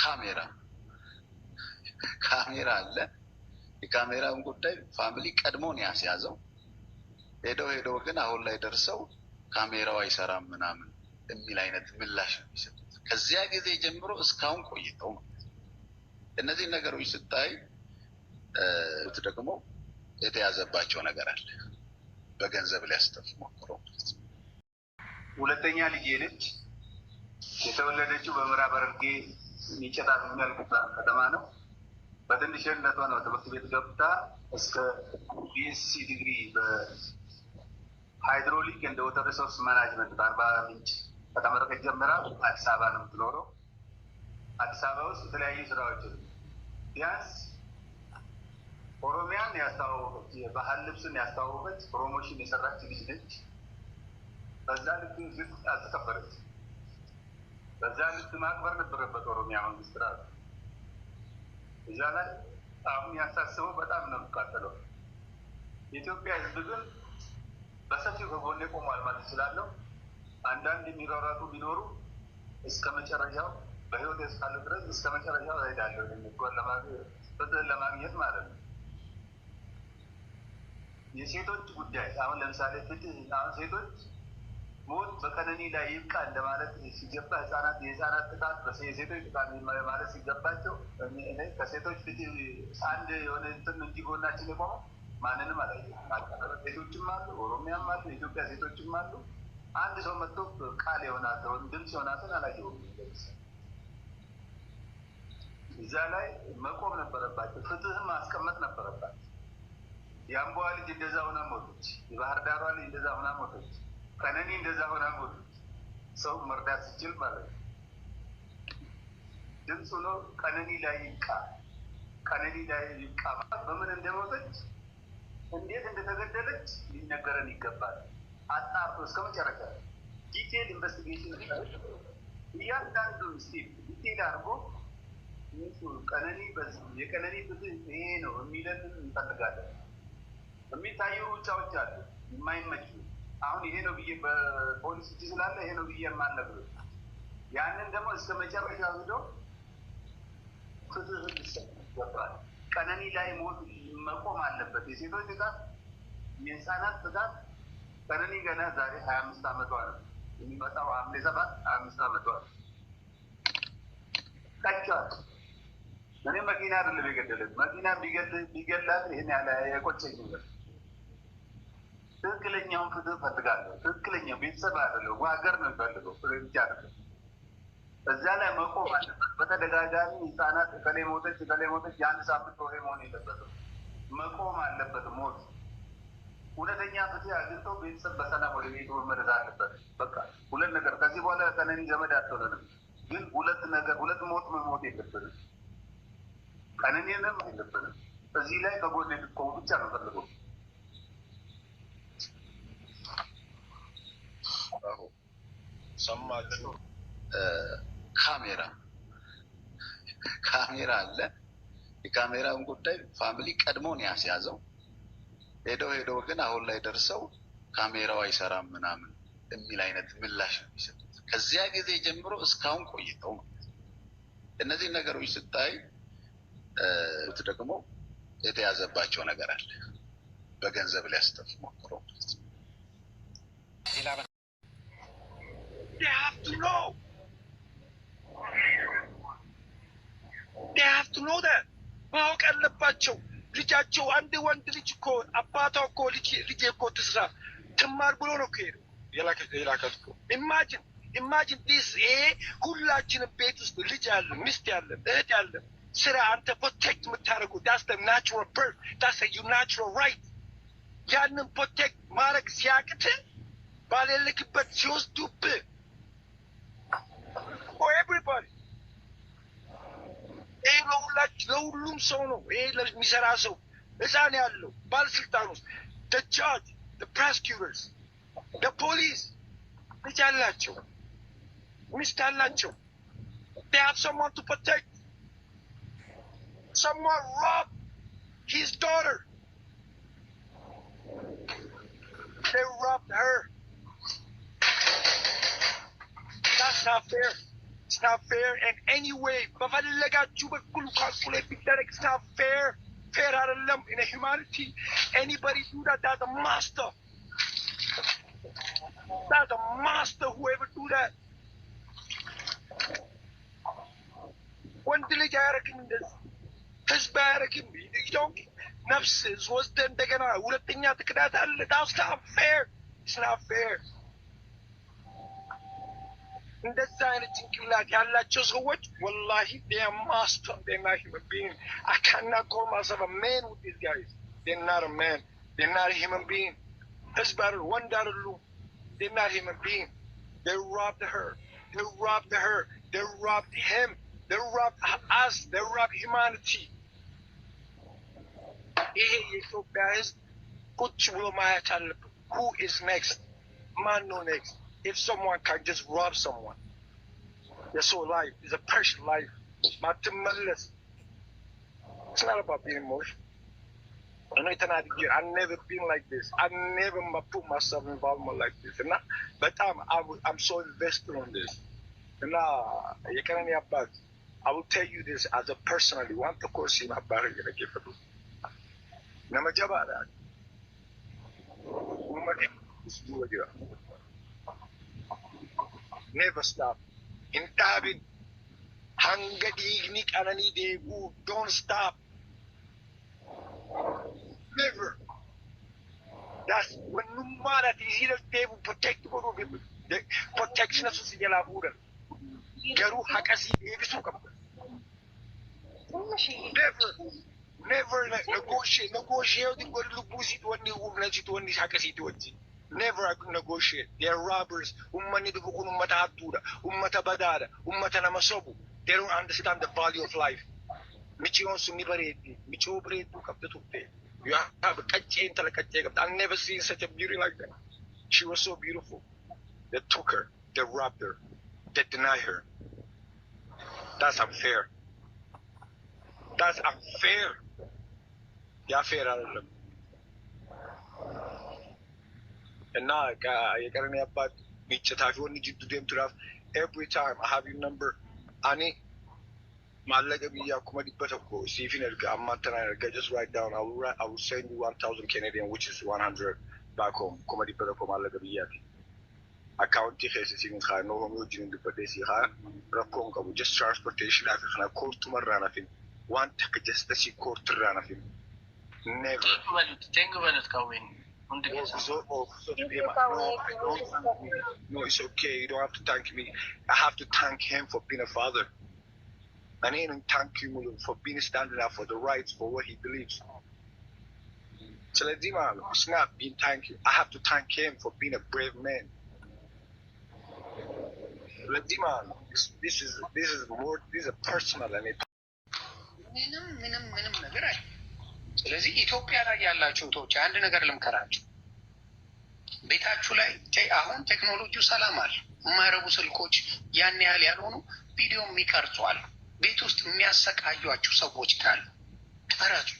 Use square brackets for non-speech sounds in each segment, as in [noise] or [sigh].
ካሜራ [laughs] ካሜራ አለ። የካሜራውን ጉዳይ ፋሚሊ ቀድሞን ያስያዘው ሄደው ሄደው ግን አሁን ላይ ደርሰው ካሜራው አይሰራም ምናምን የሚል አይነት ምላሽ ነው የሚሰጡት። ከዚያ ጊዜ ጀምሮ እስካሁን ቆይተው ነው እነዚህ ነገሮች ስታይ ደግሞ የተያዘባቸው ነገር አለ። በገንዘብ ሊያስጠፍ ሞክሮ ሁለተኛ ልጄ ነች የተወለደችው በምዕራብ ሐረርጌ ሚጨታ የሚያል ከተማ ነው። በትንሽነቷ ነው ትምህርት ቤት ገብታ እስከ ቢኤስሲ ዲግሪ በሃይድሮሊክ እንደ ወተር ሪሶርስ ማናጅመንት በአርባ ምንጭ ከተመረቀች ጀምራ አዲስ አበባ ነው የምትኖረው። አዲስ አበባ ውስጥ የተለያዩ ስራዎች ቢያንስ ኦሮሚያን ያስተዋወቀች የባህል ልብስን ያስተዋወቀች ፕሮሞሽን የሰራች ልጅ ነች። በዛ ልክ ግን አልተከበረች በዛ ልክ ማክበር ነበረበት ኦሮሚያ መንግስት ራሱ እዛ ላይ አሁን ያሳስበው በጣም ነው የሚቃጠለው። የኢትዮጵያ ህዝብ ግን በሰፊው ከጎኔ ቆሟል ማለት ስላለው አንዳንድ የሚራራቱ ቢኖሩ እስከ መጨረሻው በህይወት እስካለ ድረስ እስከ መጨረሻው እሄዳለሁ የሚጎን ለማግኘት ማለት ነው። የሴቶች ጉዳይ አሁን ለምሳሌ ፍትህ አሁን ሴቶች ሞት በቀነኒ ላይ ይብቃል ለማለት ሲገባ ህጻናት የህጻናት ጥቃት የሴቶች ጥቃት ማለት ሲገባቸው ከሴቶች ፊት አንድ የሆነ እንትን እንዲጎናችን የቆመ ማንንም አላየ። ሴቶችም አሉ፣ ኦሮሚያም አሉ፣ የኢትዮጵያ ሴቶችም አሉ። አንድ ሰው መጥቶ ቃል የሆናትን ድምፅ የሆናትን አላየሁም። እዛ ላይ መቆም ነበረባቸው፣ ፍትህም ማስቀመጥ ነበረባቸው። የአምቦዋ ልጅ እንደዛ ሁና ሞቶች፣ የባህር ዳሯ ልጅ እንደዛ ሁና ሞቶች። ቀነኒ እንደዛ ሆና ሞተች። ሰው መርዳት ሲችል ማለት ነው። ድምፅ ነው ቀነኒ ላይ ይብቃ፣ ቀነኒ ላይ ይብቃ። በምን እንደሞተች እንዴት እንደተገደለች ሊነገረን ይገባል። አጣርቶ እስከ መጨረሻ ዲቴል ኢንቨስቲጌሽን እያንዳንዱ ስቴፕ ዲቴል አድርጎ ቀነኒ የቀነኒ ፍትህ ይሄ ነው የሚለን እንፈልጋለን። የሚታዩ ውጫዎች አሉ የማይመች አሁን ይሄ ነው ብዬ በፖሊስ እጅ ስላለ ይሄ ነው ብዬ የማልነግርህ ያንን ደግሞ እስከ መጨረሻ ሂዶ ፍትህ ይገባል። ቀነኒ ላይ ሞት መቆም አለበት። የሴቶች ጥቃት፣ የህፃናት ጥቃት። ቀነኒ ገና ዛሬ ሀያ አምስት አመቷ ነው የሚመጣው ሐምሌ ሰባት ሀያ አምስት አመቷ ነው። ቀጫት እኔ መኪና አይደለም የገደለት መኪና ቢገላት ይህን ያለ የቆጨኝ ነበር እውነተኛውን ፍትህ ፈልጋለሁ። ትክክለኛ ቤተሰብ አይደለሁ፣ ሀገር ነው የሚፈልገው። ስለዚህ አይደለም እዛ ላይ መቆም አለበት። በተደጋጋሚ ህፃናት እከሌ ሞተች፣ እከሌ ሞተች የአንድ ሳምንት ወሬ መሆን የለበትም። መቆም አለበት ሞት። እውነተኛ ፍትህ አግኝቶ ቤተሰብ በሰላም ወደ ቤቱ መመለስ አለበት። በቃ ሁለት ነገር ከዚህ በኋላ ቀነኒ ዘመድ አትሆነንም፣ ግን ሁለት ነገር ሁለት ሞት መሞት የለብንም። ቀነኒንም አይለብንም። እዚህ ላይ ከጎን የሚቆሙ ብቻ ነው ፈልገው አወራሁ። ሰማችሁ? ካሜራ ካሜራ አለ። የካሜራውን ጉዳይ ፋሚሊ ቀድሞን ያስያዘው ሄደው ሄደው ግን አሁን ላይ ደርሰው ካሜራው አይሰራም ምናምን የሚል አይነት ምላሽ ነው የሚሰጡት። ከዚያ ጊዜ ጀምሮ እስካሁን ቆይተው ነው እነዚህ ነገሮች ስታይ ደግሞ የተያዘባቸው ነገር አለ። በገንዘብ ሊያስጠፍ ሞክሮ They have to know. They have to know that ማወቅ ያለባቸው ልጃቸው አንድ ወንድ ልጅ እኮ አባቷ እኮ ልጅ እኮ ትስራ ትማር ብሎ ነው ከሄደ የላከት እኮ ኢማጂን ኢማጂን ዲስ ይሄ ሁላችንም ቤት ውስጥ ልጅ አለ፣ ሚስት ያለ፣ እህት ያለ ስራ አንተ ፕሮቴክት የምታደርጉ ዳስ ናቹራል በርት ዳስ ዩ ናቹራል ራይት ያንን ፕሮቴክት ማድረግ ሲያቅት ባለልክበት ሲወስዱብህ for everybody. ይህ ለሁላችሁ ለሁሉም ሰው ነው። ይህ ለሚሰራ ሰው እዛን ያለው ባለስልጣኖች፣ ደጃጅ ፕሮሲኪዩተርስ፣ ፖሊስ ልጅ አላቸው፣ ሚስት አላቸው። ሀብ ሰማን ቱ ፕሮቴክት ሰማን ሮብ ሂዝ ዶተር They robbed her. That's not fair it's not fair in any way it's not fair fair አይደለም in the humanity anybody do that that's a master that's a master whoever do that ወንድ ልጅ አያረግም እንደዚህ ህዝብ አያረግም ይደውቅ ነፍስ ወስደ እንደገና ሁለተኛ at አለ that's not fair it's not fair that's እንደዛ አይነት ጭንቅላት ያላቸው ሰዎች ወላሂ ማስተር ዴና ሂመን ቢን አካና ኮማሰበ ሜን ውድ ጋይዝ ዴናር ሜን ዴናር ሂመን ቢን ህዝብ አይደሉ ወንድ አይደሉ ዴናር ሂመን ቢን They robbed her. They robbed her. They robbed him. They robbed us. They robbed humanity. Who is next? Man, no next if someone can just rob someone, your soul life is a precious life. It's not about being emotional. I know it's not I've never been like this. I never put myself involved like this. And but I'm, I am I'm so invested on this. And you can't hear I will tell you this as a personally. Want to course in my brother? I give it Namajabara. Namajabara never stop. In Intabid, hanggat ignik anani debu, don't stop. Never. That's when numara tizira debu protect ko the protection of susi jala buran. Garu hakasi debi suka. Never. Never negotiate. Negotiate the good lubusi to any woman to any hakasi to any never negotiate. They are robbers. Ummani They don't understand the value of life. You have a I've never seen such a beauty like that. She was so beautiful. They took her. They robbed her. They denied her. That's unfair. That's unfair. Yeah, fair. I እና የቀረኔ አባት ሚቸታፊሆን ጅዱ ደምቱራፍ ኤቭሪ ታይም ሀብ ነምበር አኔ ማለቀ ብያ ኩመዲበት እኮ ሲፊን እርግ አማተና እርገ ጀስ ራይት ዳውን አውሰን ዋን ታውዘንድ ኬኔዲያን ዊች ስ ዋን ሀንድረድ ባክ ሆም ኩመዲበት እኮ ማለቀ ብያ አካውንቲ ኸስ ሲሚን ካ ኖ ሆም ዮጅን እንድበደ ሲ ካ ረኮም ቀቡ ጀስ ትራንስፖርቴሽን አክክና ኮርቱ መራናፊን ዋን ተክ ጀስተሲ ኮርትራናፊን ኔቨር በሉት ቴንግ በሉት ቀዊን no, it's okay. You don't have to thank me. I have to thank him for being a father. And even thank him for being standing up for the rights, for what he believes. So Ledima, it's not being you. I have to thank him for being a brave man. Ledima, this is this is more this is a personal and it. ስለዚህ ኢትዮጵያ ላይ ያላቸው እህቶች አንድ ነገር ልምከራቸው። ቤታችሁ ላይ አሁን ቴክኖሎጂው ሰላም አለ። የማይረቡ ስልኮች ያን ያህል ያልሆኑ ቪዲዮ የሚቀርጹ አሉ። ቤት ውስጥ የሚያሰቃዩአችሁ ሰዎች ካሉ ቀረጹ።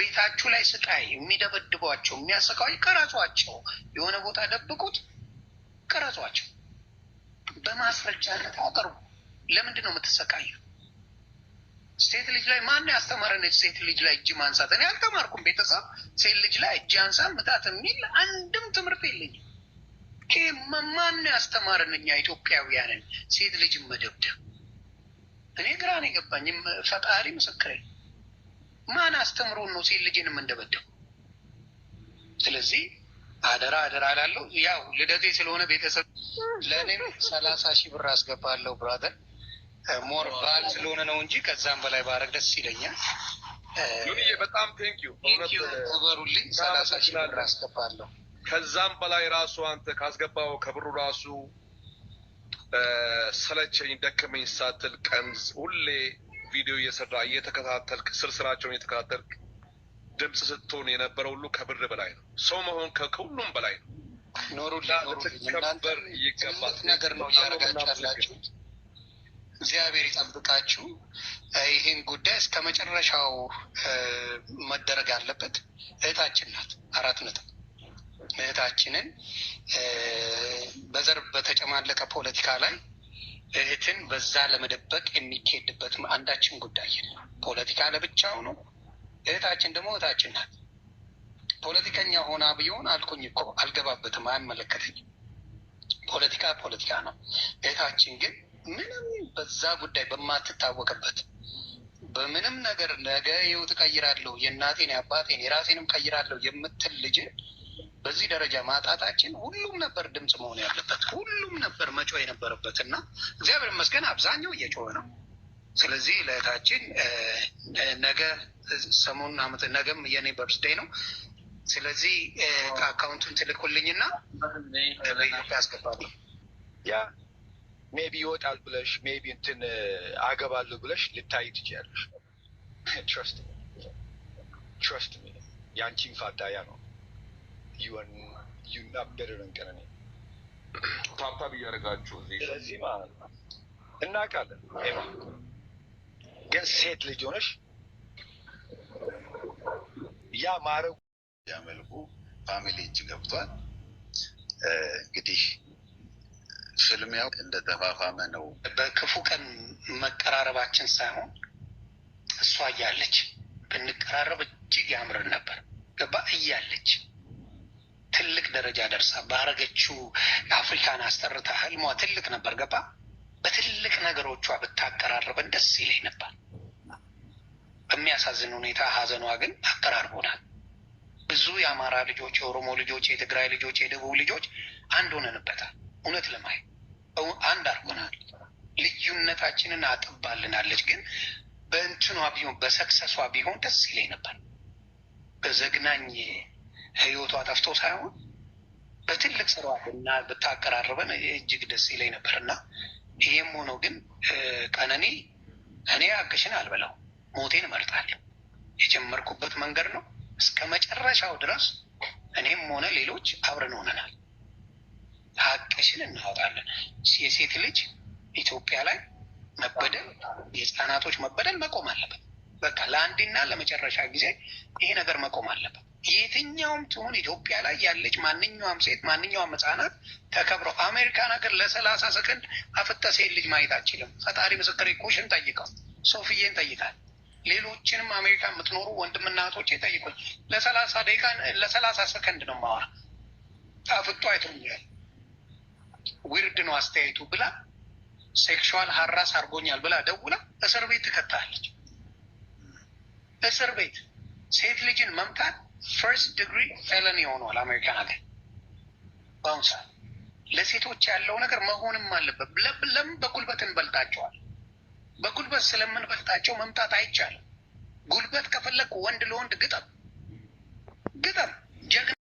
ቤታችሁ ላይ ስቃይ የሚደበድቧቸው የሚያሰቃዩ ቀረጿቸው። የሆነ ቦታ ደብቁት፣ ቀረጿቸው። በማስረጃነት አቅርቡ። ለምንድን ነው የምትሰቃዩ? ሴት ልጅ ላይ ማን ያስተማረን? ሴት ልጅ ላይ እጅ ማንሳት እኔ አልተማርኩም። ቤተሰብ ሴት ልጅ ላይ እጅ አንሳ ምታት የሚል አንድም ትምህርት የለኝም። ማን ያስተማረን? እኛ ኢትዮጵያውያንን ሴት ልጅ መደብደብ እኔ ነው የገባኝም ፈጣሪ ምስክሬ፣ ማን አስተምሮን ነው ሴት ልጅን የምንደበደው? ስለዚህ አደራ አደራ እላለሁ። ያው ልደቴ ስለሆነ ቤተሰብ ለእኔ ሰላሳ ሺህ ብር አስገባለሁ ብራተር ሞር በዓል ስለሆነ ነው እንጂ ከዛም በላይ ባረግ ደስ ይለኛል። ዩኒዬ በጣም ቴንኪዩ በሩልኝ ሰላሳ ሺ ብር አስገባለሁ። ከዛም በላይ ራሱ አንተ ካስገባው ከብሩ ራሱ ሰለቸኝ ደክመኝ ሳትል ቀንዝ ሁሌ ቪዲዮ እየሰራ እየተከታተልክ ስር ስራቸውን እየተከታተልክ ድምፅ ስትሆን የነበረ ሁሉ ከብር በላይ ነው። ሰው መሆን ከሁሉም በላይ ነው። ኖሩላ ልትከበር ይገባል ነገር ነው እያረጋችሁ ያላችሁት እግዚአብሔር ይጠብቃችሁ። ይህን ጉዳይ እስከ መጨረሻው መደረግ አለበት። እህታችን ናት። አራት ነጥብ እህታችንን በዘር በተጨማለቀ ፖለቲካ ላይ እህትን በዛ ለመደበቅ የሚካሄድበት አንዳችን ጉዳይ ፖለቲካ ለብቻው ነው። እህታችን ደግሞ እህታችን ናት። ፖለቲከኛ ሆና ቢሆን አልኩኝ እኮ አልገባበትም፣ አያመለከተኝም። ፖለቲካ ፖለቲካ ነው። እህታችን ግን ምንም በዛ ጉዳይ በማትታወቅበት በምንም ነገር ነገ ህይወት ቀይራለሁ የእናቴን የአባቴን የራሴንም ቀይራለሁ የምትል ልጅ በዚህ ደረጃ ማጣታችን ሁሉም ነበር ድምፅ መሆን ያለበት ሁሉም ነበር መጮ የነበረበት እና እግዚአብሔር ይመስገን አብዛኛው እየጮኸ ነው። ስለዚህ ለእህታችን ነገ ሰሞኑን አመት ነገም የኔ በርስዴ ነው። ስለዚህ ከአካውንቱን ትልኩልኝና በኢትዮጵያ አስገባለሁ። ሜቢ ይወጣል ብለሽ ሜቢ እንትን አገባለሁ ብለሽ ልታይ ትችያለሽ። ትረስት ትረስት ሚ የአንቺን ፋዳያ ነው ዩን ዩና ቤደርን ቀነኔ ታብታብ እያደረጋችሁ ስለዚህ ማለት ነው እናውቃለን። ግን ሴት ልጅ ሆነሽ ያ ማረጉ ያመልኩ ፋሚሊ እጅ ገብቷል እንግዲህ ፍልሚያው እንደተፋፋመ ነው። በክፉ ቀን መቀራረባችን ሳይሆን እሷ እያለች ብንቀራረብ እጅግ ያምርን ነበር። ገባ እያለች ትልቅ ደረጃ ደርሳ ባረገችው የአፍሪካን አስጠርታ ህልሟ ትልቅ ነበር። ገባ በትልቅ ነገሮቿ ብታቀራርበን ደስ ይለኝ ነበር። በሚያሳዝን ሁኔታ ሀዘኗ ግን አቀራርቦናል። ብዙ የአማራ ልጆች፣ የኦሮሞ ልጆች፣ የትግራይ ልጆች፣ የደቡብ ልጆች አንድ ሆነንበታል። እውነት ለማየት አንድ አድርጎናል። ልዩነታችንን አጥባልናለች። ግን በእንትኗ ቢሆን በሰክሰሷ ቢሆን ደስ ይለኝ ነበር። በዘግናኝ ህይወቷ ጠፍቶ ሳይሆን በትልቅ ስሯ እና ብታቀራርበን እጅግ ደስ ይለኝ ነበር እና ይህም ሆኖ ግን ቀነኒ እኔ አግሽን አልበላው ሞቴን እመርጣለሁ። የጀመርኩበት መንገድ ነው። እስከ መጨረሻው ድረስ እኔም ሆነ ሌሎች አብረን ሆነናል። ሀቅሽን እናወጣለን። የሴት ልጅ ኢትዮጵያ ላይ መበደል የህፃናቶች መበደል መቆም አለበት። በቃ ለአንድና ለመጨረሻ ጊዜ ይሄ ነገር መቆም አለበት። የትኛውም ትሁን ኢትዮጵያ ላይ ያለች ማንኛውም ሴት ማንኛውም ህፃናት ተከብሮ አሜሪካን ሀገር ለሰላሳ ሰከንድ አፍጠ ሴት ልጅ ማየት አችልም። ፈጣሪ ምስክር ኮሽን ጠይቀው፣ ሶፍዬን ጠይቃል፣ ሌሎችንም አሜሪካ የምትኖሩ ወንድምናቶች ጠይቁኝ። ለሰላሳ ደቂቃ ለሰላሳ ሰከንድ ነው ማወራ አፍጦ አይቶኛል። ዊርድ ነው አስተያየቱ ብላ ሴክሹዋል ሀራስ አርጎኛል ብላ ደውላ እስር ቤት ትከታለች። እስር ቤት ሴት ልጅን መምታት ፈርስት ዲግሪ ፌለን የሆነዋል አሜሪካን ሀገር በአሁኑ ሰዓት። ለሴቶች ያለው ነገር መሆንም አለበት። ለምን በጉልበት እንበልጣቸዋል? በጉልበት ስለምንበልጣቸው መምታት አይቻልም። ጉልበት ከፈለግ ወንድ ለወንድ ግጠም ግጠም ጀግ